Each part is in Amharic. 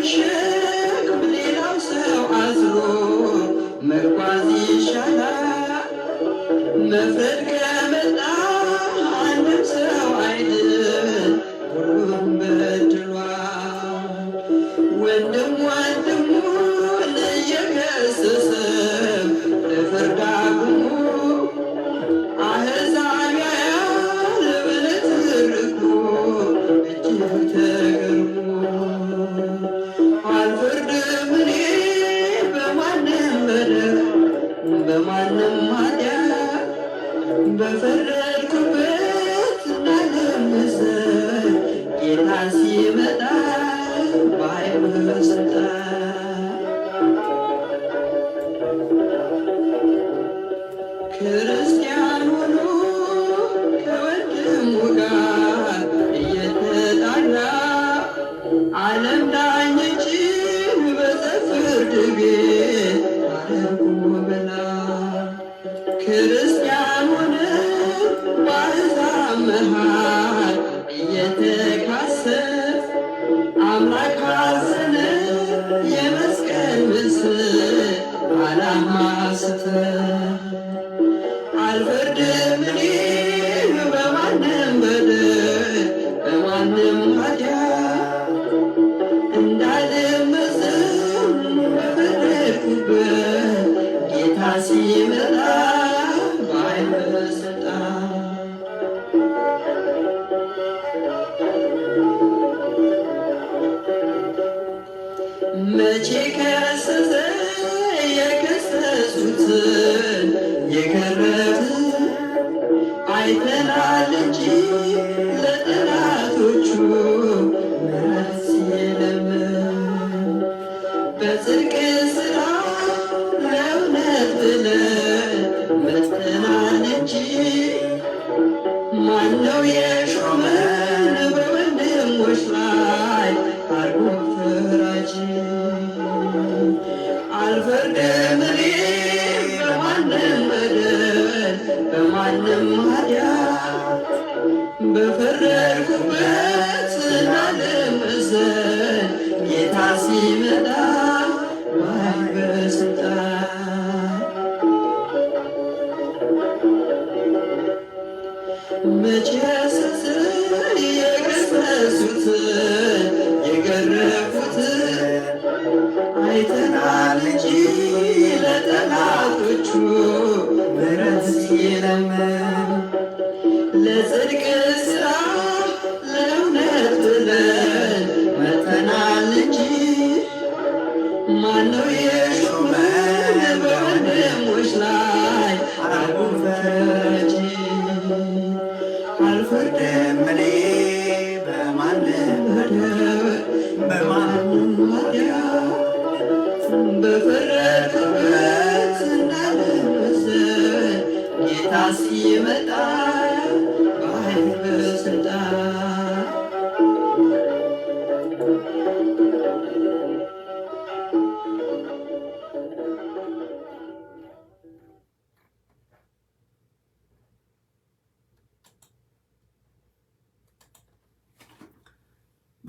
ከምሽግ ሌላው ሰው አዝሮ መጓዝ ይሻላል መፍረድ Let us መቼ ከሰሰ የከሰሱትን የገረትን አይተናል እንጂ ለጠላቶቹ ምሕረት ሲለምን በጽድቅ ስራ ለእውነት ብለን መተናል እንጂ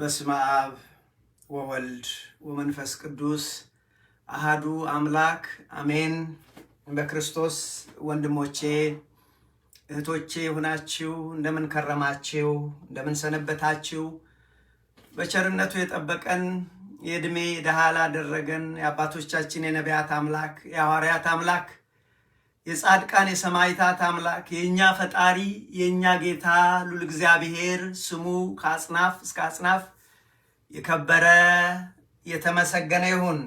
በስመ አብ ወወልድ ወመንፈስ ቅዱስ አሃዱ አምላክ አሜን። በክርስቶስ ወንድሞቼ እህቶቼ የሆናችሁ እንደምን ከረማችሁ? እንደምን ሰነበታችሁ? በቸርነቱ የጠበቀን የእድሜ ደሃ ላደረገን የአባቶቻችን የነቢያት አምላክ የሐዋርያት አምላክ የጻድቃን የሰማይታት አምላክ የእኛ ፈጣሪ የእኛ ጌታ ሉል እግዚአብሔር ስሙ ከአጽናፍ እስከ አጽናፍ የከበረ የተመሰገነ ይሁን።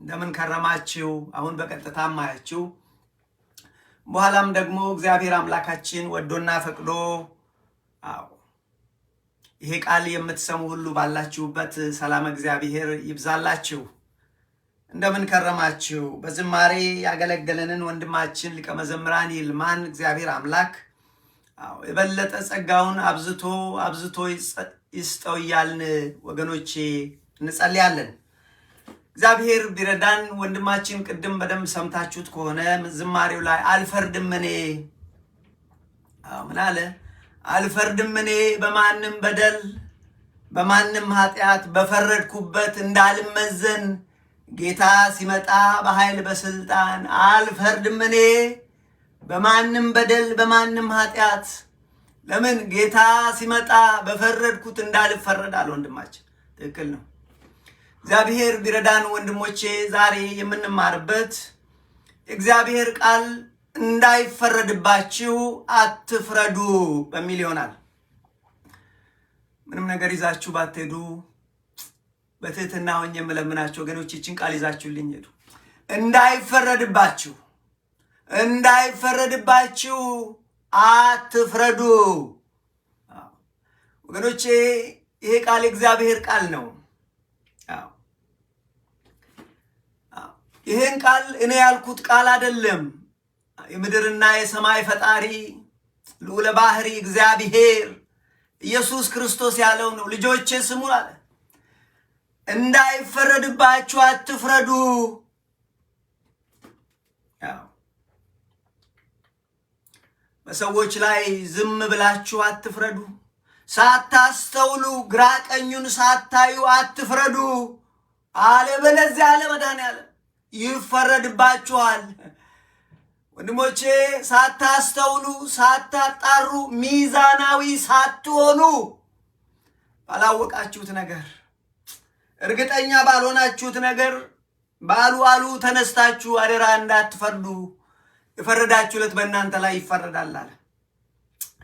እንደምን ከረማችሁ? አሁን በቀጥታ ማያችሁ፣ በኋላም ደግሞ እግዚአብሔር አምላካችን ወዶና ፈቅዶ አዎ ይሄ ቃል የምትሰሙ ሁሉ ባላችሁበት ሰላም እግዚአብሔር ይብዛላችሁ። እንደምን ከረማችሁ። በዝማሬ ያገለገለንን ወንድማችን ሊቀ መዘምራን ይልማን እግዚአብሔር አምላክ የበለጠ ጸጋውን አብዝቶ አብዝቶ ይስጠው እያልን ወገኖቼ እንጸልያለን። እግዚአብሔር ቢረዳን ወንድማችን ቅድም በደንብ ሰምታችሁት ከሆነ ዝማሬው ላይ አልፈርድም እኔ ምን አለ? አልፈርድም እኔ በማንም በደል በማንም ኃጢአት በፈረድኩበት እንዳልመዘን ጌታ ሲመጣ በኃይል በስልጣን አልፈርድም እኔ በማንም በደል በማንም ኃጢአት። ለምን ጌታ ሲመጣ በፈረድኩት እንዳልፈረዳል። ወንድማችን ትክክል ነው። እግዚአብሔር ቢረዳን ወንድሞቼ፣ ዛሬ የምንማርበት እግዚአብሔር ቃል እንዳይፈረድባችሁ አትፍረዱ በሚል ይሆናል። ምንም ነገር ይዛችሁ ባትሄዱ በትህትና ሆኜ የምለምናቸው ወገኖች ይችን ቃል ይዛችሁልኝ ሄዱ። እንዳይፈረድባችሁ እንዳይፈረድባችሁ አትፍረዱ ወገኖቼ። ይሄ ቃል የእግዚአብሔር ቃል ነው። ይህን ቃል እኔ ያልኩት ቃል አይደለም። የምድርና የሰማይ ፈጣሪ ልዑለ ባሕሪ እግዚአብሔር ኢየሱስ ክርስቶስ ያለው ነው። ልጆቼ ስሙ አለ እንዳይፈረድባችሁ አትፍረዱ። በሰዎች ላይ ዝም ብላችሁ አትፍረዱ። ሳታስተውሉ ግራ ቀኙን ሳታዩ አትፍረዱ። አለበለዚያ አለ ያለ ይፈረድባችኋል። ወንድሞቼ ሳታስተውሉ፣ ሳታጣሩ፣ ሚዛናዊ ሳትሆኑ ባላወቃችሁት ነገር እርግጠኛ ባልሆናችሁት ነገር ባሉ አሉ ተነስታችሁ አደራ እንዳትፈርዱ፣ የፈረዳችሁለት በእናንተ ላይ ይፈረዳል አለ።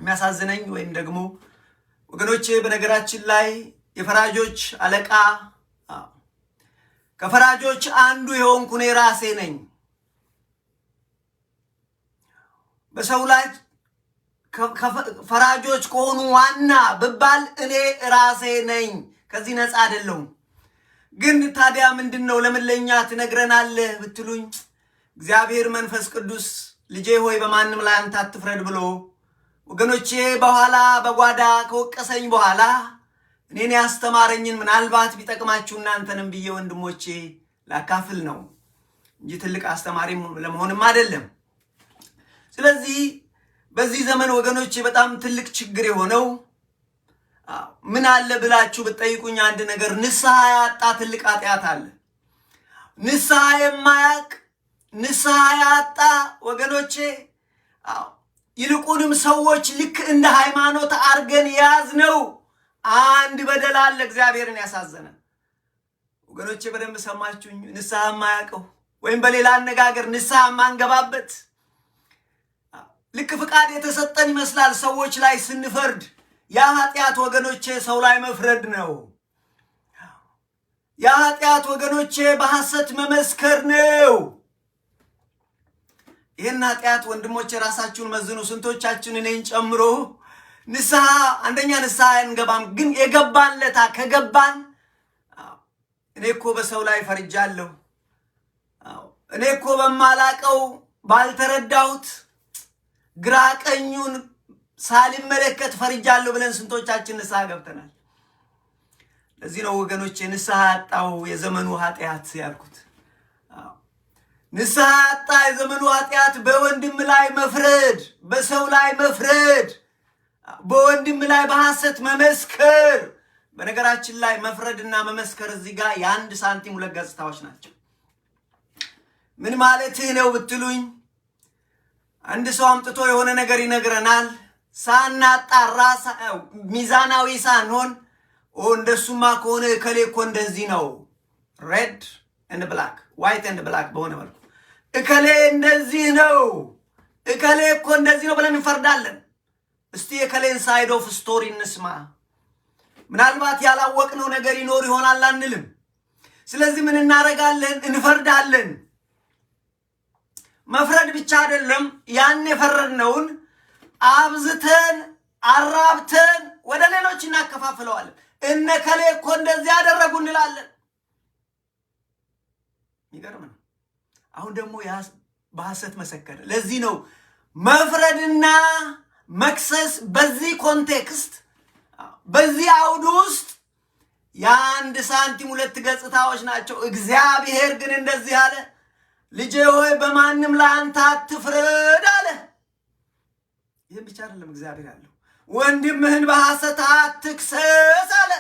የሚያሳዝነኝ ወይም ደግሞ ወገኖቼ፣ በነገራችን ላይ የፈራጆች አለቃ ከፈራጆች አንዱ የሆንኩ እኔ ራሴ ነኝ። በሰው ላይ ፈራጆች ከሆኑ ዋና ብባል እኔ ራሴ ነኝ። ከዚህ ነፃ አይደለሁም። ግን ታዲያ ምንድን ነው ለምን ለእኛ ትነግረናለህ ብትሉኝ እግዚአብሔር መንፈስ ቅዱስ ልጄ ሆይ በማንም ላይ አንተ አትፍረድ ብሎ ወገኖቼ በኋላ በጓዳ ከወቀሰኝ በኋላ እኔን ያስተማረኝን ምናልባት ቢጠቅማችሁ እናንተንም ብዬ ወንድሞቼ ላካፍል ነው እንጂ ትልቅ አስተማሪ ለመሆንም አይደለም። ስለዚህ በዚህ ዘመን ወገኖቼ በጣም ትልቅ ችግር የሆነው ምን አለ ብላችሁ ብትጠይቁኝ አንድ ነገር ንስሐ ያጣ ትልቅ ኃጢአት አለ። ንስሐ የማያቅ ንስሐ ያጣ ወገኖቼ፣ ይልቁንም ሰዎች ልክ እንደ ሃይማኖት አድርገን የያዝነው አንድ በደል አለ እግዚአብሔርን ያሳዘነ ወገኖቼ፣ በደንብ ሰማችሁኝ። ንስሐ የማያውቀው ወይም በሌላ አነጋገር ንስሐ የማንገባበት ልክ ፍቃድ የተሰጠን ይመስላል ሰዎች ላይ ስንፈርድ ያ ኃጢአት ወገኖቼ ሰው ላይ መፍረድ ነው። ያ ኃጢአት ወገኖቼ በሐሰት መመስከር ነው። ይህን ኃጢአት ወንድሞቼ ራሳችሁን መዝኑ። ስንቶቻችን እኔን ጨምሮ ንስሐ አንደኛ ንስሐ አንገባም፣ ግን የገባለታ ከገባን እኔ እኮ በሰው ላይ ፈርጃለሁ፣ እኔ እኮ በማላቀው ባልተረዳሁት ግራ ቀኙን ሳልመለከት ፈርጃለሁ ብለን ስንቶቻችን ንስሐ ገብተናል። ለዚህ ነው ወገኖች ንስሐ አጣው የዘመኑ ኃጢአት ያልኩት። ንስሐ አጣ የዘመኑ ኃጢአት በወንድም ላይ መፍረድ፣ በሰው ላይ መፍረድ፣ በወንድም ላይ በሐሰት መመስከር። በነገራችን ላይ መፍረድና መመስከር እዚህ ጋር የአንድ ሳንቲም ሁለት ገጽታዎች ናቸው። ምን ማለትህ ነው ብትሉኝ፣ አንድ ሰው አምጥቶ የሆነ ነገር ይነግረናል። ሳናጣራ ሚዛናዊ ሳንሆን እንደሱማ ከሆነ እከሌ እኮ እንደዚህ ነው ሬድ ኤንድ ብላክ ዋይት ኤንድ ብላክ በሆነ መልኩ እከሌ እንደዚህ ነው እከሌ እኮ እንደዚህ ነው ብለን እንፈርዳለን። እስቲ የከሌን ሳይድ ኦፍ ስቶሪ እንስማ። ምናልባት ያላወቅነው ነገር ይኖር ይሆናል አንልም። ስለዚህ ምን እናደርጋለን? እንፈርዳለን። መፍረድ ብቻ አይደለም ያን የፈረድነውን አብዝተን አራብተን ወደ ሌሎች እናከፋፍለዋለን። እነ ከሌ እኮ እንደዚህ ያደረጉ እንላለን። ይገርም ነው። አሁን ደግሞ በሐሰት መሰከረ። ለዚህ ነው መፍረድና መክሰስ በዚህ ኮንቴክስት በዚህ አውድ ውስጥ የአንድ ሳንቲም ሁለት ገጽታዎች ናቸው። እግዚአብሔር ግን እንደዚህ አለ፣ ልጄ ሆይ በማንም ለአንተ አትፍረድ አለ። ይህም ብቻ አይደለም እግዚአብሔር ያለው ወንድምህን በሐሰት አትክሰስ አለ።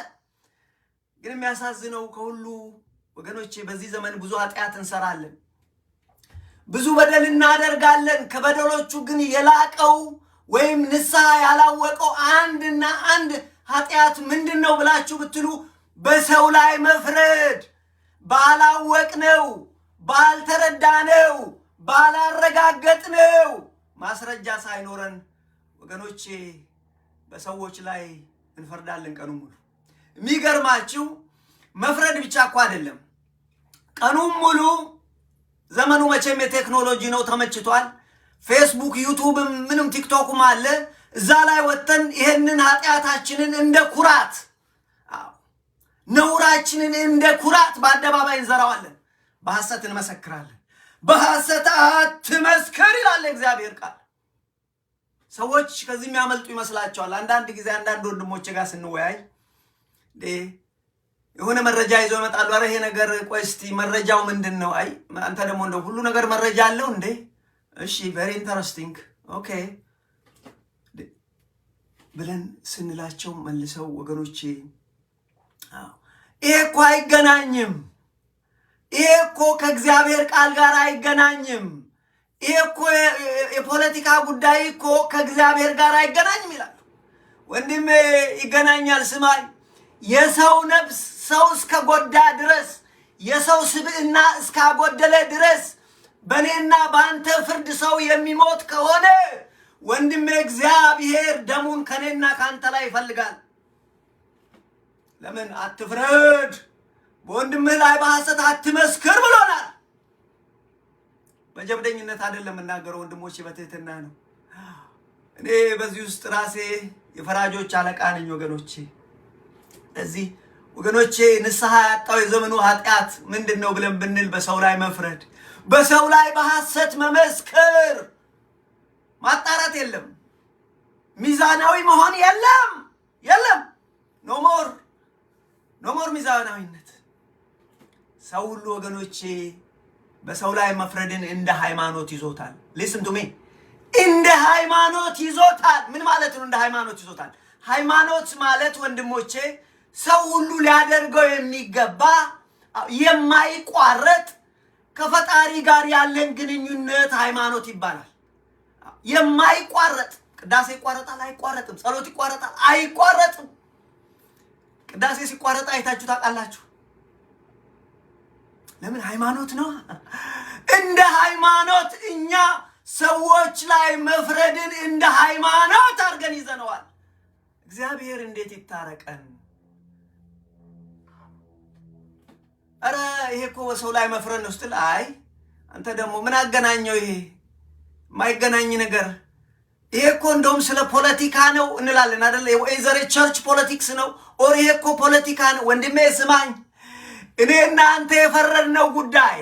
ግን የሚያሳዝነው ከሁሉ ወገኖቼ በዚህ ዘመን ብዙ ኃጢአት እንሰራለን፣ ብዙ በደል እናደርጋለን። ከበደሎቹ ግን የላቀው ወይም ንስሐ ያላወቀው አንድና አንድ ኃጢአት ምንድን ነው ብላችሁ ብትሉ በሰው ላይ መፍረድ፣ ባላወቅነው፣ ባልተረዳነው፣ ባላረጋገጥነው ማስረጃ ሳይኖረን ወገኖቼ በሰዎች ላይ እንፈርዳለን ቀኑ ሙሉ። የሚገርማችሁ መፍረድ ብቻ እኮ አይደለም። ቀኑ ሙሉ ዘመኑ መቼም የቴክኖሎጂ ነው፣ ተመችቷል። ፌስቡክ፣ ዩቱብም ምንም ቲክቶክም አለ። እዛ ላይ ወጥተን ይሄንን ኃጢአታችንን እንደ ኩራት ነውራችንን እንደ ኩራት በአደባባይ እንዘራዋለን፣ በሐሰት እንመሰክራለን። በሐሰት አትመስከር ይላል እግዚአብሔር ቃል። ሰዎች ከዚህ የሚያመልጡ ይመስላቸዋል። አንዳንድ ጊዜ አንዳንድ ወንድሞች ጋር ስንወያይ የሆነ መረጃ ይዘው ይመጣሉ። አረ ይሄ ነገር ቆይ እስቲ መረጃው ምንድን ነው? አይ አንተ ደግሞ እንደው ሁሉ ነገር መረጃ አለው እንዴ? እሺ ቬሪ ኢንተረስቲንግ ኦኬ ብለን ስንላቸው መልሰው ወገኖቼ ይሄ እኮ አይገናኝም፣ ይሄ እኮ ከእግዚአብሔር ቃል ጋር አይገናኝም ይሄ እኮ የፖለቲካ ጉዳይ እኮ ከእግዚአብሔር ጋር አይገናኝም ይላሉ። ወንድም ይገናኛል። ስማኝ፣ የሰው ነፍስ ሰው እስከ ጎዳ ድረስ የሰው ስብዕና እስካጎደለ ድረስ በእኔና በአንተ ፍርድ ሰው የሚሞት ከሆነ ወንድሜ እግዚአብሔር ደሙን ከእኔና ከአንተ ላይ ይፈልጋል። ለምን አትፍረድ፣ በወንድምህ ላይ በሐሰት አትመስክር ብሎናል። በጀብደኝነት አይደለም የምናገረው ወንድሞቼ፣ በትህትና ነው። እኔ በዚህ ውስጥ ራሴ የፈራጆች አለቃ ነኝ ወገኖቼ። እዚህ ወገኖቼ ንስሐ ያጣው የዘመኑ ኃጢአት ምንድን ነው ብለን ብንል በሰው ላይ መፍረድ፣ በሰው ላይ በሐሰት መመስከር፣ ማጣራት የለም ሚዛናዊ መሆን የለም የለም። ኖሞር ኖሞር ሚዛናዊነት ሰው ሁሉ ወገኖቼ በሰው ላይ መፍረድን እንደ ሃይማኖት ይዞታል። ሊስን ቱ ሚ እንደ ሃይማኖት ይዞታል። ምን ማለት ነው? እንደ ሃይማኖት ይዞታል። ሃይማኖት ማለት ወንድሞቼ፣ ሰው ሁሉ ሊያደርገው የሚገባ የማይቋረጥ ከፈጣሪ ጋር ያለን ግንኙነት ሃይማኖት ይባላል። የማይቋረጥ ቅዳሴ ይቋረጣል? አይቋረጥም። ጸሎት ይቋረጣል? አይቋረጥም። ቅዳሴ ሲቋረጥ አይታችሁ ታውቃላችሁ? ለምን ሃይማኖት ነው። እንደ ሃይማኖት እኛ ሰዎች ላይ መፍረድን እንደ ሃይማኖት አድርገን ይዘነዋል። እግዚአብሔር እንዴት ይታረቀን? ኧረ ይሄ እኮ በሰው ላይ መፍረድ ነው ስትል፣ አይ አንተ ደግሞ ምን አገናኘው ይሄ የማይገናኝ ነገር ይሄ እኮ እንደውም ስለ ፖለቲካ ነው እንላለን አደለ? ወይ ቸርች ፖለቲክስ ነው ኦር ይሄ እኮ ፖለቲካ ነው። ወንድሜ ስማኝ እኔ እናንተ የፈረድነው ጉዳይ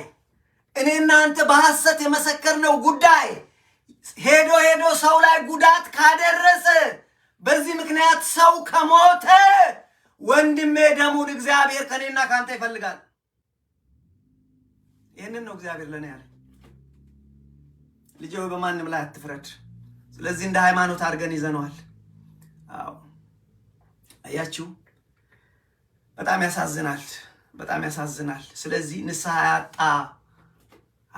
እኔ እናንተ በሐሰት የመሰከርነው ጉዳይ ሄዶ ሄዶ ሰው ላይ ጉዳት ካደረሰ በዚህ ምክንያት ሰው ከሞተ ወንድሜ ደሙን እግዚአብሔር ከእኔና ከአንተ ይፈልጋል። ይህንን ነው እግዚአብሔር ለእኔ ያለ። ልጅ በማንም ላይ አትፍረድ። ስለዚህ እንደ ሃይማኖት አድርገን ይዘነዋል። አዎ አያችሁ፣ በጣም ያሳዝናል። በጣም ያሳዝናል። ስለዚህ ንስሐ ያጣ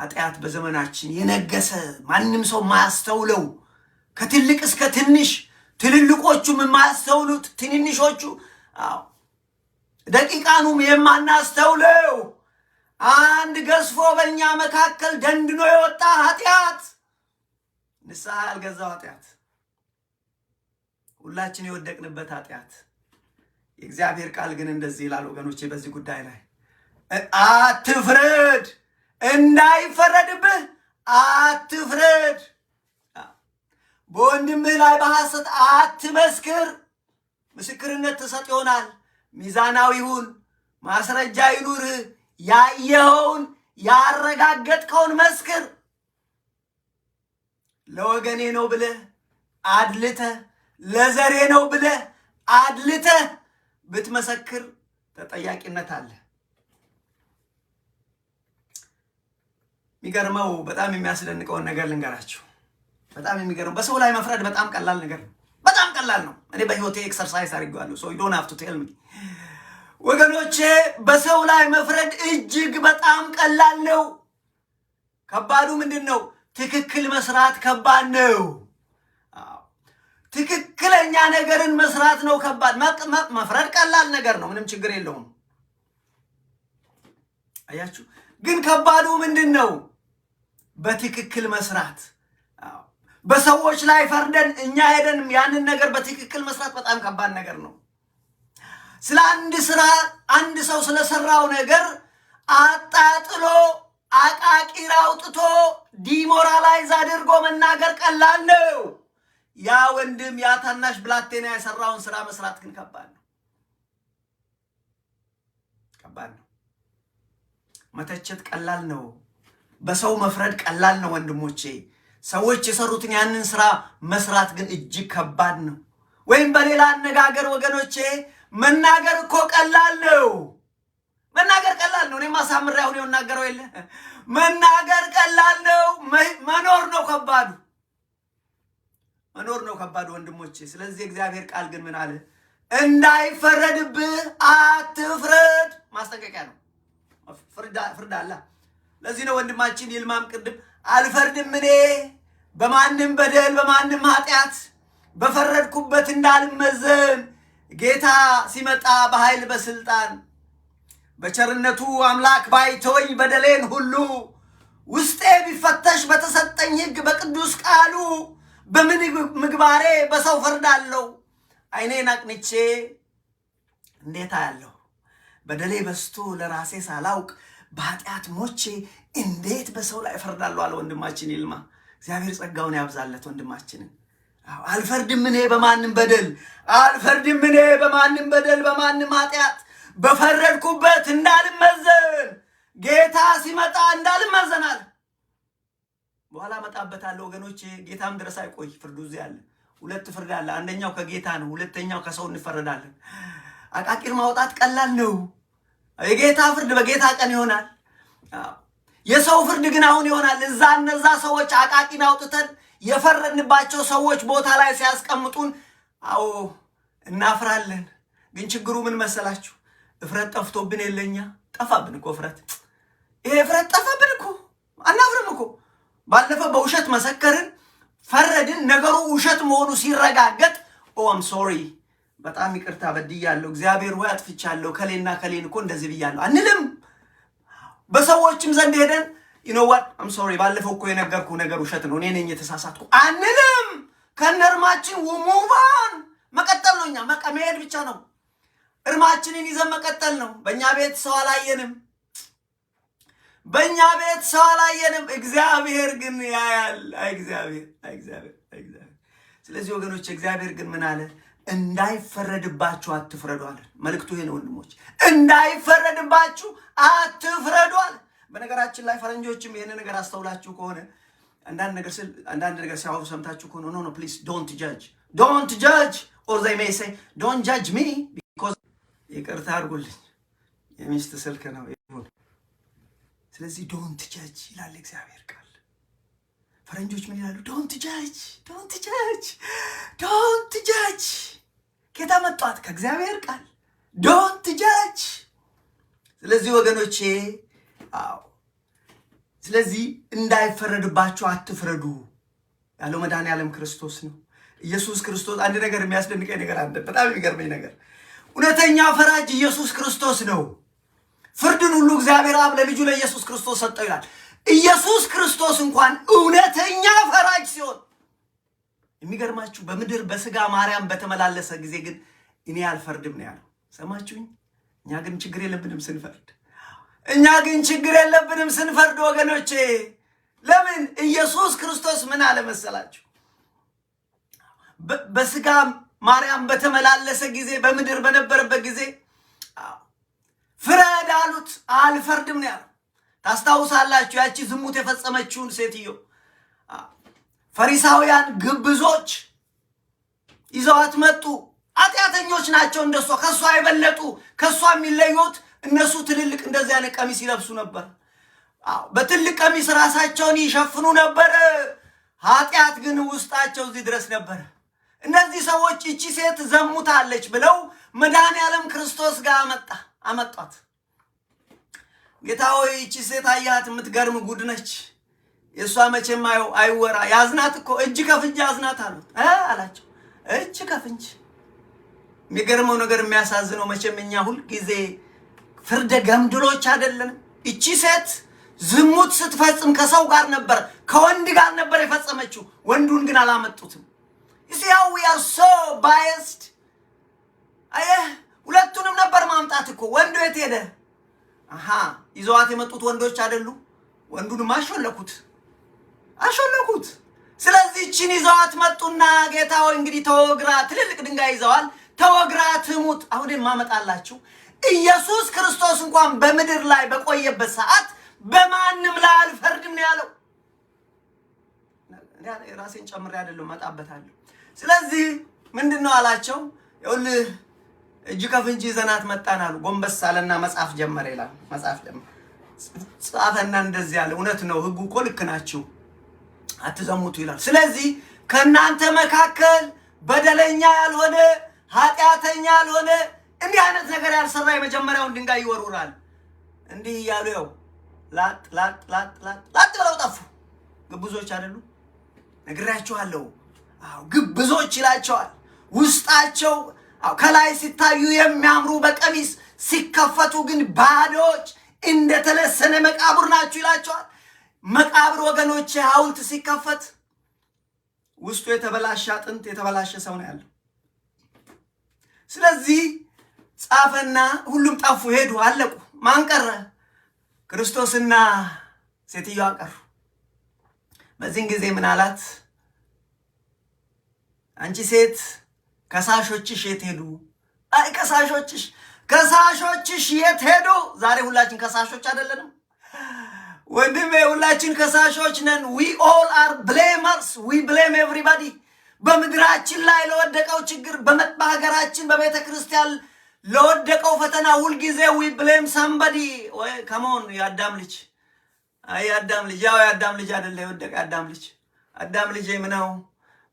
ኃጢአት በዘመናችን የነገሰ ማንም ሰው ማያስተውለው ከትልቅ እስከ ትንሽ ትልልቆቹም የማያስተውሉት ትንንሾቹ ደቂቃኑም የማናስተውለው አንድ ገዝፎ በእኛ መካከል ደንድኖ የወጣ ኃጢአት ንስሐ ያልገዛው ኃጢአት ሁላችን የወደቅንበት ኃጢአት የእግዚአብሔር ቃል ግን እንደዚህ ይላል ወገኖቼ፣ በዚህ ጉዳይ ላይ አትፍረድ፣ እንዳይፈረድብህ አትፍረድ። በወንድምህ ላይ በሐሰት አትመስክር። ምስክርነት ትሰጥ ይሆናል። ሚዛናዊ ሁን። ማስረጃ ይኑርህ። ያየኸውን ያረጋገጥከውን መስክር። ለወገኔ ነው ብለህ አድልተህ፣ ለዘሬ ነው ብለህ አድልተህ ብትመሰክር ተጠያቂነት አለ። የሚገርመው በጣም የሚያስደንቀውን ነገር ልንገራችሁ። በጣም የሚገርመው በሰው ላይ መፍረድ በጣም ቀላል ነገር ነው። በጣም ቀላል ነው። እኔ በህይወቴ ኤክሰርሳይዝ አድርጌዋለሁ። ሰው ዶን ሀፍቱ ቴል ወገኖቼ፣ በሰው ላይ መፍረድ እጅግ በጣም ቀላል ነው። ከባዱ ምንድን ነው? ትክክል መስራት ከባድ ነው። ትክክለኛ ነገርን መስራት ነው ከባድ። መፍረድ ቀላል ነገር ነው፣ ምንም ችግር የለውም። አያችሁ፣ ግን ከባዱ ምንድን ነው? በትክክል መስራት። በሰዎች ላይ ፈርደን እኛ ሄደን ያንን ነገር በትክክል መስራት በጣም ከባድ ነገር ነው። ስለ አንድ ስራ አንድ ሰው ስለሰራው ነገር አጣጥሎ አቃቂር አውጥቶ ዲሞራላይዝ አድርጎ መናገር ቀላል ነው። ያ ወንድም ያ ታናሽ ብላቴና የሰራውን ስራ መስራት ግን ከባድ ነው፣ ከባድ ነው። መተቸት ቀላል ነው። በሰው መፍረድ ቀላል ነው ወንድሞቼ። ሰዎች የሰሩትን ያንን ስራ መስራት ግን እጅግ ከባድ ነው። ወይም በሌላ አነጋገር ወገኖቼ መናገር እኮ ቀላል ነው። መናገር ቀላል ነው። እኔ ማሳምሬ አሁን የምናገረው የለ መናገር ቀላል ነው። መኖር ነው ከባዱ መኖር ነው ከባድ ወንድሞች ስለዚህ እግዚአብሔር ቃል ግን ምን አለ? እንዳይፈረድብህ አትፍረድ። ማስጠንቀቂያ ነው፣ ፍርድ አለ። ለዚህ ነው ወንድማችን ይልማም ቅድም አልፈርድም እኔ በማንም በደል በማንም ኃጢአት በፈረድኩበት እንዳልመዘን ጌታ ሲመጣ በኃይል በስልጣን በቸርነቱ አምላክ ባይቶኝ በደሌን ሁሉ ውስጤ ቢፈተሽ በተሰጠኝ ሕግ በቅዱስ ቃሉ በምን ምግባሬ በሰው ፈርዳለሁ። አይኔን አቅንቼ እንዴት አያለሁ? በደሌ በዝቶ ለራሴ ሳላውቅ በኃጢአት ሞቼ እንዴት በሰው ላይ እፈርዳለሁ አለ ወንድማችን ይልማ። እግዚአብሔር ጸጋውን ያብዛለት ወንድማችንን። አልፈርድም እኔ በማንም በደል አልፈርድም እኔ በማንም በደል በማንም ኃጢአት በፈረድኩበት እንዳልመዘን ጌታ ሲመጣ እንዳልመዘናል በኋላ መጣበታለሁ ወገኖች። ጌታም ድረስ አይቆይ፣ ፍርዱ እዚህ አለ። ሁለት ፍርድ አለ። አንደኛው ከጌታ ነው፣ ሁለተኛው ከሰው እንፈረዳለን። አቃቂር ማውጣት ቀላል ነው። የጌታ ፍርድ በጌታ ቀን ይሆናል። የሰው ፍርድ ግን አሁን ይሆናል። እዛ እነዛ ሰዎች አቃቂን አውጥተን የፈረድንባቸው ሰዎች ቦታ ላይ ሲያስቀምጡን፣ አዎ እናፍራለን። ግን ችግሩ ምን መሰላችሁ? እፍረት ጠፍቶብን የለኛ ጠፋብን እኮ እፍረት ይሄ እፍረት ጠፋ ባለፈው በውሸት መሰከርን፣ ፈረድን። ነገሩ ውሸት መሆኑ ሲረጋገጥ ኦ አም ሶሪ በጣም ይቅርታ በድያለሁ፣ እግዚአብሔር ወይ አጥፍቻለሁ፣ ከሌና ከሌን እኮ እንደዚህ ብያለሁ አንልም። በሰዎችም ዘንድ ሄደን ይኖዋል አም ሶሪ ባለፈው እኮ የነገርኩ ነገር ውሸት ነው፣ እኔ ነኝ የተሳሳትኩ አንልም። ከነርማችን ውሙቫን መቀጠል ነው። እኛ መሄድ ብቻ ነው። እርማችንን ይዘን መቀጠል ነው። በእኛ ቤት ሰው አላየንም። በእኛ ቤት ሰው አላየንም፣ እግዚአብሔር ግን ያያል። አይ እግዚአብሔር፣ ስለዚህ ወገኖች እግዚአብሔር ግን ምን አለ? እንዳይፈረድባችሁ አትፍረዱ አለ። መልእክቱ ይሄ ነው ወንድሞች፣ እንዳይፈረድባችሁ አትፍረዱ አለ። በነገራችን ላይ ፈረንጆችም ይህን ነገር አስተውላችሁ ከሆነ አንዳንድ ነገር አንዳንድ ነገር ሲያወሩ ሰምታችሁ ከሆነ ኖ ኖ ፕሊዝ ዶንት ጃጅ ዶንት ጃጅ ኦር ዘይ ሜይ ሴይ ዶንት ጃጅ ሚ ቢኮዝ ይቅርታ አድርጉልኝ የሚስት ስልክ ነው ስለዚህ ዶንት ጀጅ ይላል እግዚአብሔር ቃል። ፈረንጆች ምን ይላሉ? ዶንት ጀጅ፣ ዶንት ጀጅ፣ ዶንት ጀጅ። ጌታ መጧት ከእግዚአብሔር ቃል ዶንት ጀጅ። ስለዚህ ወገኖቼ፣ አዎ፣ ስለዚህ እንዳይፈረድባቸው አትፍረዱ ያለው መድኃኔ ዓለም ክርስቶስ ነው። ኢየሱስ ክርስቶስ አንድ ነገር የሚያስደንቀኝ ነገር አለ። በጣም የሚገርመኝ ነገር እውነተኛ ፈራጅ ኢየሱስ ክርስቶስ ነው። ፍርድን ሁሉ እግዚአብሔር አብ ለልጁ ለኢየሱስ ክርስቶስ ሰጠው ይላል። ኢየሱስ ክርስቶስ እንኳን እውነተኛ ፈራጅ ሲሆን የሚገርማችሁ በምድር በስጋ ማርያም በተመላለሰ ጊዜ ግን እኔ አልፈርድም ነው ያለው። ሰማችሁኝ? እኛ ግን ችግር የለብንም ስንፈርድ፣ እኛ ግን ችግር የለብንም ስንፈርድ ወገኖቼ። ለምን ኢየሱስ ክርስቶስ ምን አለ መሰላችሁ? በስጋ ማርያም በተመላለሰ ጊዜ በምድር በነበረበት ጊዜ ፍረድ አሉት። አልፈርድም ነው ያለው። ታስታውሳላችሁ ያቺ ዝሙት የፈጸመችውን ሴትዮ ፈሪሳውያን ግብዞች ይዘዋት መጡ። አጢአተኞች ናቸው እንደሷ። ከእሷ የበለጡ ከእሷ የሚለዩት እነሱ ትልልቅ እንደዚህ አይነት ቀሚስ ይለብሱ ነበር። በትልቅ ቀሚስ ራሳቸውን ይሸፍኑ ነበር። ኃጢአት ግን ውስጣቸው እዚህ ድረስ ነበር። እነዚህ ሰዎች እቺ ሴት ዘሙታለች ብለው መድኃኔ ዓለም ክርስቶስ ጋር መጣ። አመጧት። ጌታ ሆይ ይቺ ሴት አያት፣ የምትገርም ጉድ ነች። የእሷ መቼም አይወራ ያዝናት እኮ እጅ ከፍንጅ ያዝናት አሉት አላቸው። እጅ ከፍንጅ የሚገርመው ነገር የሚያሳዝነው መቼም እኛ ሁልጊዜ ፍርደ ገምድሎች አይደለም። እቺ ሴት ዝሙት ስትፈጽም ከሰው ጋር ነበር፣ ከወንድ ጋር ነበር የፈጸመችው። ወንዱን ግን አላመጡትም። ሲያዊ አር ሶ ባየስድ አየህ ሁለቱንም ነበር ማምጣት እኮ። ወንዱ የት ሄደ? አሀ ይዘዋት የመጡት ወንዶች አይደሉ? ወንዱንም አሾለኩት አሾለኩት። ስለዚህ ይችን ይዘዋት መጡና ጌታ ሆይ እንግዲህ ተወግራ፣ ትልልቅ ድንጋይ ይዘዋል፣ ተወግራ ትሙት። አሁን ማመጣላችሁ ኢየሱስ ክርስቶስ እንኳን በምድር ላይ በቆየበት ሰዓት በማንም ላይ አልፈርድም ነው ያለው። ራሴን ጨምሬ አይደለም እመጣበታለሁ። ስለዚህ ምንድን ነው አላቸው ይኸውልህ እጅ ከፍንጅ ይዘናት መጣን አሉ። ጎንበስ አለና መጽሐፍ ጀመረ ይላል። መጽሐፍ ጀመረ ጻፈና እንደዚህ ያለ እውነት ነው ህጉ እኮ ልክ ናችሁ አትዘሙቱ ይላል። ስለዚህ ከእናንተ መካከል በደለኛ ያልሆነ ኃጢአተኛ ያልሆነ እንዲህ አይነት ነገር ያልሰራ የመጀመሪያውን ድንጋይ ይወርውራል። እንዲህ እያሉ ያው ላጥ ላጥ ላጥ ላጥ ላጥ ብለው ጠፉ። ግብዞች አይደሉ? ነግራችኋለሁ። አዎ ግብዞች ይላቸዋል ውስጣቸው ከላይ ሲታዩ የሚያምሩ በቀሚስ ሲከፈቱ ግን ባዶዎች እንደተለሰነ መቃብር ናችሁ ይላቸዋል። መቃብር ወገኖች፣ ሐውልት ሲከፈት ውስጡ የተበላሸ አጥንት የተበላሸ ሰው ነው ያለው። ስለዚህ ጻፈና ሁሉም ጠፉ፣ ሄዱ፣ አለቁ። ማን ቀረ? ክርስቶስና ሴትዮዋ ቀሩ። በዚህን ጊዜ ምን አላት? አንቺ ሴት ከሳሾችሽ የት ሄዱ? አይ ከሳሾችሽ ከሳሾችሽ የት ሄዱ? ዛሬ ሁላችን ከሳሾች አይደለንም ወንድሜ፣ ሁላችን ከሳሾች ነን። ዊ ኦል አር ብሌመርስ ዊ ብሌም ኤቭሪባዲ። በምድራችን ላይ ለወደቀው ችግር፣ በሀገራችን፣ በቤተ ክርስቲያን ለወደቀው ፈተና ሁልጊዜ ዊ ብሌም ሳምባዲ ከመሆን የአዳም ልጅ አይ የአዳም ልጅ ያው የአዳም ልጅ አደለ የወደቀ አዳም ልጅ አዳም ልጅ ምነው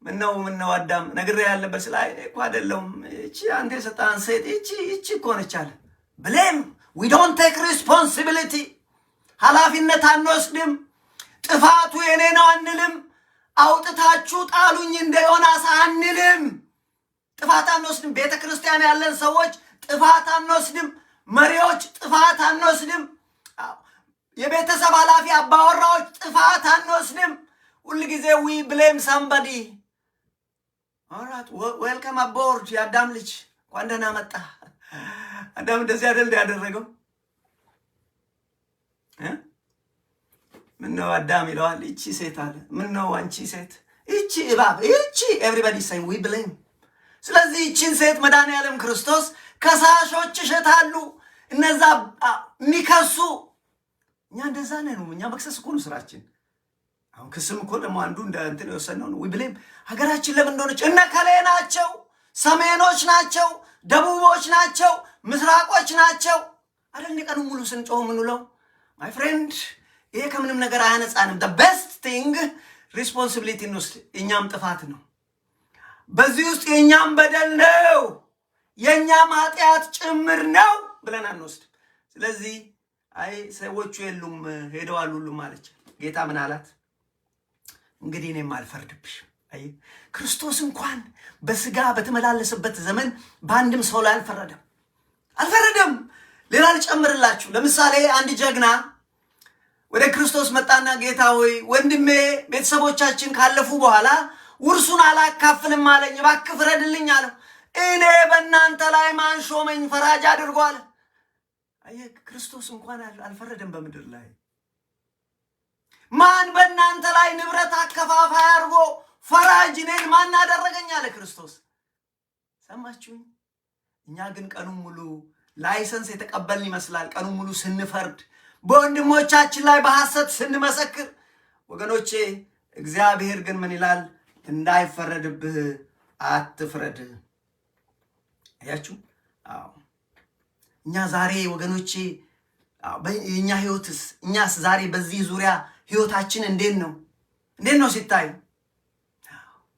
ምነው ምነው አዳም ነግሬ ያለበት ስለ አይ እኮ አይደለም እቺ አንተ የሰጣን ሴት እቺ እቺ እኮ ነች አለ ብሌም ዊ ዶንት ቴክ ሪስፖንሲቢሊቲ ኃላፊነት አንወስድም። ጥፋቱ የኔ ነው አንልም። አውጥታችሁ ጣሉኝ እንደ ዮናስ አንልም። ጥፋት አንወስድም። ቤተ ክርስቲያን ያለን ሰዎች ጥፋት አንወስድም። መሪዎች ጥፋት አንወስድም። የቤተሰብ ኃላፊ አባወራዎች ጥፋት አንወስድም። ሁልጊዜ ዊ ብሌም ሳምባዲ ኦልራት ዌልካም አቦርድ የአዳም ልጅ እንኳን ደህና መጣ። አዳም እንደዚህ አይደል ያደረገው? ምነው አዳም ይለዋል፣ ይቺ ሴት አለ። ምነው አንቺ ሴት፣ ይቺ እባብ፣ ይቺ ኤቭሪባዲ ሳይን ዊ ብሌም። ስለዚህ ይቺን ሴት መድኃኒዓለም ክርስቶስ ከሳሾች ይሸታሉ፣ እነዛ የሚከሱ እኛ እንደዛ ነን። እኛ መክሰስ እኮ ነው ስራችን። አሁን ክስም እኮ ደግሞ አንዱ እንደ እንትን የወሰነው ብሌም ሀገራችን ለምን እንደሆነች እነ ከሌ ናቸው፣ ሰሜኖች ናቸው፣ ደቡቦች ናቸው፣ ምስራቆች ናቸው አይደል? ቀኑ ሙሉ ስንጮህ የምንውለው ማይ ፍሬንድ፣ ይሄ ከምንም ነገር አያነጻንም። በስት ቲንግ ሪስፖንሲቢሊቲ እንውስድ። እኛም ጥፋት ነው፣ በዚህ ውስጥ የእኛም በደል ነው፣ የእኛም ኃጢአት ጭምር ነው ብለን አንወስድ። ስለዚህ አይ ሰዎቹ የሉም ሄደዋል ሁሉም አለች። ጌታ ምን አላት? እንግዲህ እኔም አልፈርድብሽም። አይ ክርስቶስ እንኳን በስጋ በተመላለሰበት ዘመን በአንድም ሰው ላይ አልፈረደም አልፈረደም። ሌላ ልጨምርላችሁ። ለምሳሌ አንድ ጀግና ወደ ክርስቶስ መጣና ጌታ ሆይ ወንድሜ ቤተሰቦቻችን ካለፉ በኋላ ውርሱን አላካፍልም አለኝ፣ እባክህ ፍረድልኝ እኔ በእናንተ ላይ ማን ሾመኝ ፈራጅ አድርጓል? አለ። አየህ ክርስቶስ እንኳን አልፈረደም በምድር ላይ ማን በእናንተ ላይ ንብረት አከፋፋይ አድርጎ ፈራጅ ነኝ ማን አደረገኝ አለ ክርስቶስ። ሰማችሁኝ? እኛ ግን ቀኑን ሙሉ ላይሰንስ የተቀበልን ይመስላል። ቀኑን ሙሉ ስንፈርድ፣ በወንድሞቻችን ላይ በሐሰት ስንመሰክር፣ ወገኖቼ እግዚአብሔር ግን ምን ይላል? እንዳይፈረድብህ አትፍረድ። አያችሁ? አዎ እኛ ዛሬ ወገኖቼ፣ የእኛ ህይወትስ እኛስ ዛሬ በዚህ ዙሪያ ህይወታችን እንዴት ነው? እንዴት ነው ሲታይ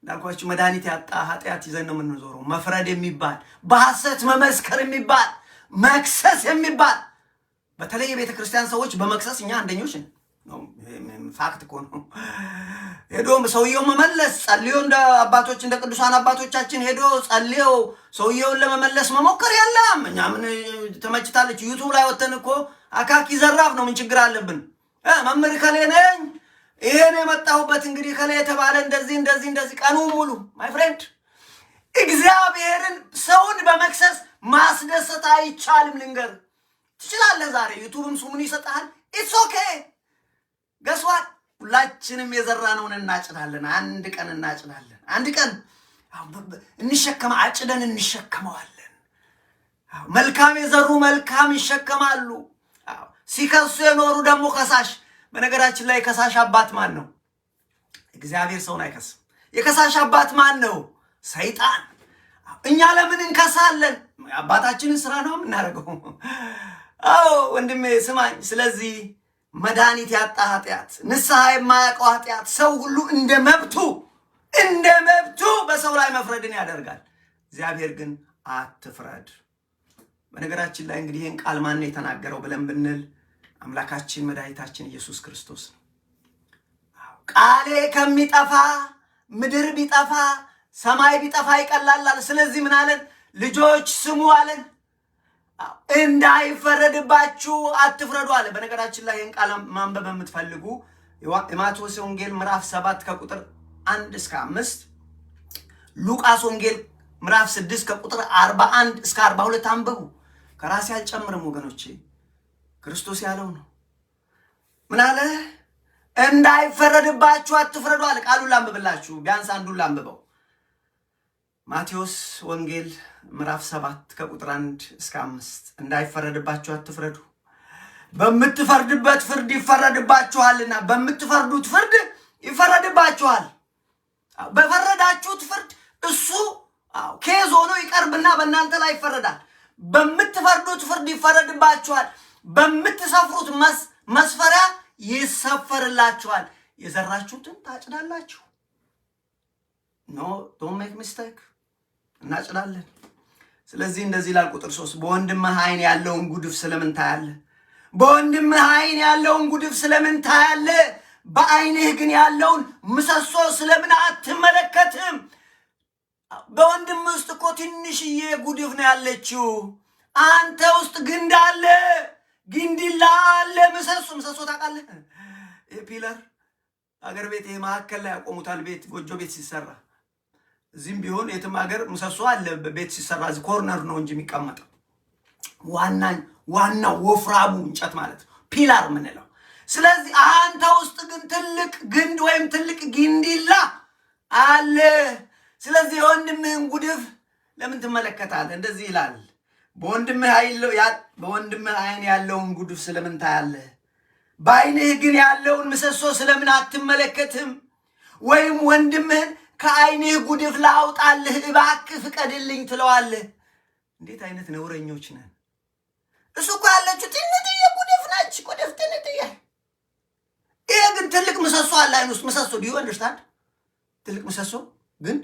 ዳርኳችሁ መድኃኒት ያጣ ኃጢአት ይዘን ነው የምንዞረው። መፍረድ የሚባል በሐሰት መመስከር የሚባል መክሰስ የሚባል በተለይ የቤተ ክርስቲያን ሰዎች በመክሰስ እኛ አንደኞች ነን። ፋክት እኮ ነው። ሄዶ ሰውየው መመለስ ጸልዮ፣ እንደ አባቶች እንደ ቅዱሳን አባቶቻችን ሄዶ ጸልዮ ሰውየውን ለመመለስ መሞከር የለም። እኛ ምን ተመችታለች? ዩቱብ ላይ ወተን እኮ አካኪ ዘራፍ ነው። ምን ችግር አለብን? መምህር ከሌ ነኝ ይሄን የመጣሁበት እንግዲህ ከሌ የተባለ እንደዚህ እንደዚህ እንደዚህ ቀኑ ሙሉ ማይ ፍሬንድ እግዚአብሔርን ሰውን በመክሰስ ማስደሰት አይቻልም። ልንገር ትችላለህ። ዛሬ ዩቱብም ሱሙን ይሰጠሃል። ኢትስ ኦኬ ገስዋል። ሁላችንም የዘራነውን እናጭዳለን። አንድ ቀን እናጭዳለን። አንድ ቀን እንሸከማ አጭደን እንሸከመዋለን። መልካም የዘሩ መልካም ይሸከማሉ። ሲከሱ የኖሩ ደግሞ ከሳሽ። በነገራችን ላይ ከሳሽ አባት ማን ነው? እግዚአብሔር ሰውን አይከስም። የከሳሽ አባት ማን ነው? ሰይጣን። እኛ ለምን እንከሳለን? አባታችንን ስራ ነው የምናደርገው። አዎ ወንድሜ ስማኝ። ስለዚህ መድኃኒት ያጣ ኃጢአት፣ ንስሐ የማያውቀው ኃጢአት ሰው ሁሉ እንደ መብቱ እንደ መብቱ በሰው ላይ መፍረድን ያደርጋል። እግዚአብሔር ግን አትፍረድ። በነገራችን ላይ እንግዲህ ይህን ቃል ማን ነው የተናገረው ብለን ብንል አምላካችን መድኃኒታችን ኢየሱስ ክርስቶስ ነው። ቃሌ ከሚጠፋ ምድር ቢጠፋ ሰማይ ቢጠፋ ይቀላላል። ስለዚህ ምን አለን? ልጆች ስሙ አለን። እንዳይፈረድባችሁ አትፍረዱ አለ። በነገራችን ላይ ይህን ቃል ማንበብ የምትፈልጉ የማቴዎስ ወንጌል ምዕራፍ ሰባት ከቁጥር አንድ እስከ አምስት ሉቃስ ወንጌል ምዕራፍ ስድስት ከቁጥር አርባ አንድ እስከ አርባ ሁለት አንብቡ። ከራሴ አልጨምርም ወገኖቼ ክርስቶስ ያለው ነው። ምን አለ? እንዳይፈረድባችሁ አትፍረዱ አለ። ቃሉን ላንብብላችሁ፣ ቢያንስ አንዱን ላንብበው። ማቴዎስ ወንጌል ምዕራፍ ሰባት ከቁጥር አንድ እስከ አምስት እንዳይፈረድባችሁ አትፍረዱ፣ በምትፈርድበት ፍርድ ይፈረድባችኋልና በምትፈርዱት ፍርድ ይፈረድባችኋል። በፈረዳችሁት ፍርድ እሱ ኬዝ ሆኖ ይቀርብና በእናንተ ላይ ይፈረዳል። በምትፈርዱት ፍርድ ይፈረድባችኋል። በምትሰፍሩት መስፈሪያ ይሰፈርላችኋል። የዘራችሁትን ታጭዳላችሁ። ኖ ዶንት ሜክ ሚስቴክ። እናጭዳለን። ስለዚህ እንደዚህ ይላል ቁጥር ሶስት በወንድምህ ዓይን ያለውን ጉድፍ ስለምን ታያለህ? በወንድምህ ዓይን ያለውን ጉድፍ ስለምን ታያለህ? በአይንህ ግን ያለውን ምሰሶ ስለምን አትመለከትም? በወንድም ውስጥ እኮ ትንሽዬ ጉድፍ ነው ያለችው፣ አንተ ውስጥ ግንድ አለ። ግንዲላ አለ ምሰሶ ምሰሶ ታውቃለህ? ፒለር አገር ቤት ይሄ መካከል ላይ ያቆሙታል። ቤት ጎጆ ቤት ሲሰራ እዚህም ቢሆን የትም ሀገር ምሰሶ አለ። ቤት ሲሰራ እዚህ ኮርነር ነው እንጂ የሚቀመጠው ዋና ዋናው ወፍራሙ እንጨት ማለት ነው ፒላር ምንለው። ስለዚህ አንተ ውስጥ ግን ትልቅ ግንድ ወይም ትልቅ ግንዲላ አለ። ስለዚህ የወንድምህን ጉድፍ ለምን ትመለከታለህ? እንደዚህ ይላል በወንድምህ አይን ያለውን ጉድፍ ስለምን ታያለህ? በአይንህ ግን ያለውን ምሰሶ ስለምን አትመለከትም? ወይም ወንድምህን ከአይንህ ጉድፍ ላውጣልህ እባክህ ፍቀድልኝ ትለዋለህ። እንዴት አይነት ነውረኞች ነን! እሱ እኮ ያለችው ትንትዬ ጉድፍ ነች፣ ጉድፍ ትንትዬ። ይሄ ግን ትልቅ ምሰሶ አለ፣ አይን ውስጥ ምሰሶ አንደርስታንድ ትልቅ ምሰሶ ግን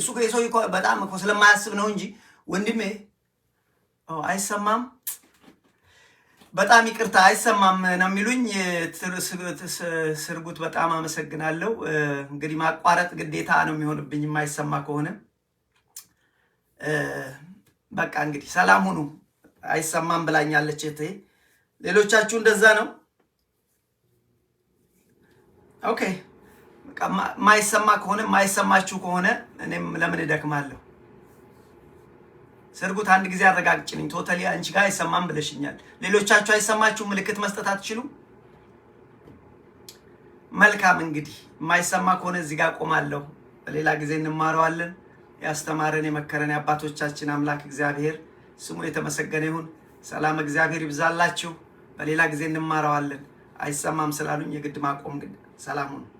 እሱ የሰው በጣም ስለማያስብ ነው እንጂ ወንድሜ አይሰማም። በጣም ይቅርታ አይሰማም ነው የሚሉኝ። ስርጉት በጣም አመሰግናለሁ። እንግዲህ ማቋረጥ ግዴታ ነው የሚሆንብኝ የማይሰማ ከሆነ በቃ እንግዲህ ሰላም ሁኑ። አይሰማም ብላኛለች እህቴ። ሌሎቻችሁ እንደዛ ነው። ኦኬ ማይሰማ ከሆነ ማይሰማችሁ ከሆነ እኔም ለምን እደክማለሁ? ስርጉት አንድ ጊዜ አረጋግጭልኝ። ቶታሊ አንቺ ጋር አይሰማም ብለሽኛል። ሌሎቻችሁ አይሰማችሁ ምልክት መስጠት አትችሉም። መልካም እንግዲህ የማይሰማ ከሆነ እዚህ ጋር ቆማለሁ። በሌላ ጊዜ እንማረዋለን። ያስተማረን የመከረን የአባቶቻችን አምላክ እግዚአብሔር ስሙ የተመሰገነ ይሁን። ሰላም እግዚአብሔር ይብዛላችሁ። በሌላ ጊዜ እንማረዋለን። አይሰማም ስላሉኝ የግድ ማቆም ግን ሰላም ሁኑ።